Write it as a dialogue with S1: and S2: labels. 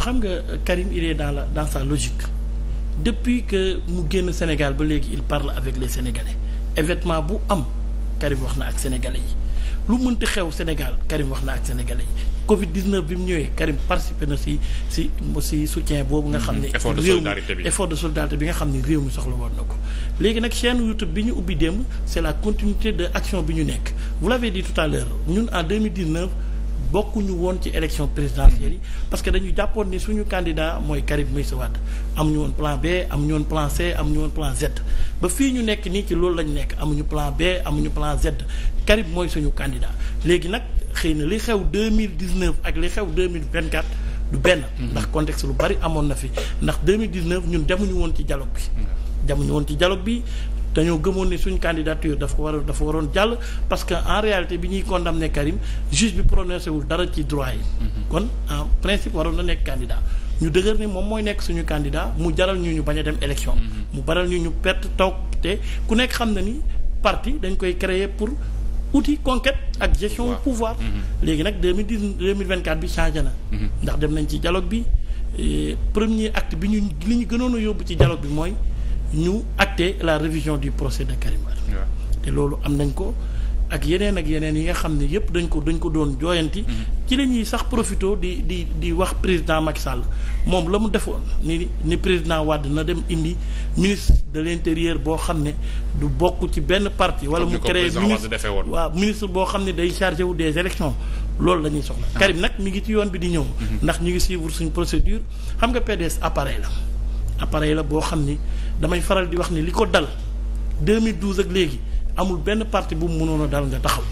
S1: ba xam nga Karim il est dans la dans sa logique depuis que mu génn Sénégal ba léegi il parle avec les Sénégalais événement bu am Karim wax na ak Sénégalais yi lu mënti xew Sénégal Karim wax na ak Sénégalais yi Covid 19 bi mu ñëwee Karim participé na si si si soutien boobu nga xam ne. Mm-hmm. effort de solidarité bi bi nga xam ne réew mi soxla woon na ko. léegi nag chaîne YouTube bi ñu ubbi démb c' la continuité de action bi ñu nekk vous l' avez dit à l'heure ñun en bokku ñu woon ci élection présidentielle yi parce que dañu jàppoon ni suñu candidat mooy muy Karim Meïssa am amuñu woon plan B am amuñu woon plan C amuñu woon plan Z ba fii ñu nekk nii ci loolu lañ nekk amuñu plan B amuñu plan Z Karim mooy suñu candidat léegi nag xëy na li xew deux mille dix neuf ak li xew deux mille vingt quatre du benn. Mhm. ndax contexte lu bari amoon na fi ndax deux mille dix neuf ñun demuñu woon ci dialogue bi. demuñu woon ci dialogue bi dañoo gëmoon ne suñ candidature dafa ko war dafa waroon jàll parce que en réalité bi ñuy condamné Karim juge bi prononcé wul dara ci droit yi. Mhm. kon en principe waroon na nekk candidat. ñu dëgër ni moom mooy nekk suñu candidat mu jaral ñu ñu bañ a dem élection. Mhm. mu baral ñu ñu perte toog te ku nekk xam na ni parti dañ koy créer pour. outi conquête ak gestion pouvoir mhm. léegi nag deux mille dix deux mille vingt quatre bi changé na ndax dem nañ ci dialogue bi premier acte bi ñu li ñu gënoon a yóbbu ci dialogue bi mooy ñu acte la révision du procès de Karim te loolu am nañ ko ak yeneen ak yeneen yi nga xam ne yëpp dañ ko dañ ko doon jooyanti. Mm-hmm. ci la ñuy sax profité di di di wax président Macky Sall moom la mu defoon ni ni président Wade na dem indi ministre de l' intérieur boo xam ne du bokk ci benn parti. wala mu créé ministre waa ministre boo xam ne day chargé wu des élections lool la ñuy soxla. Ah. Karim nag mi ngi ci yoon bi di ñëw. Mm-hmm. ndax ñu ngi suivre suñu procédure xam nga PDS appareil la. appareil la boo xam ni damay faral di wax ni li ko dal 2012 ak léegi amul benn parti bu mu mënoon dal nga taxaw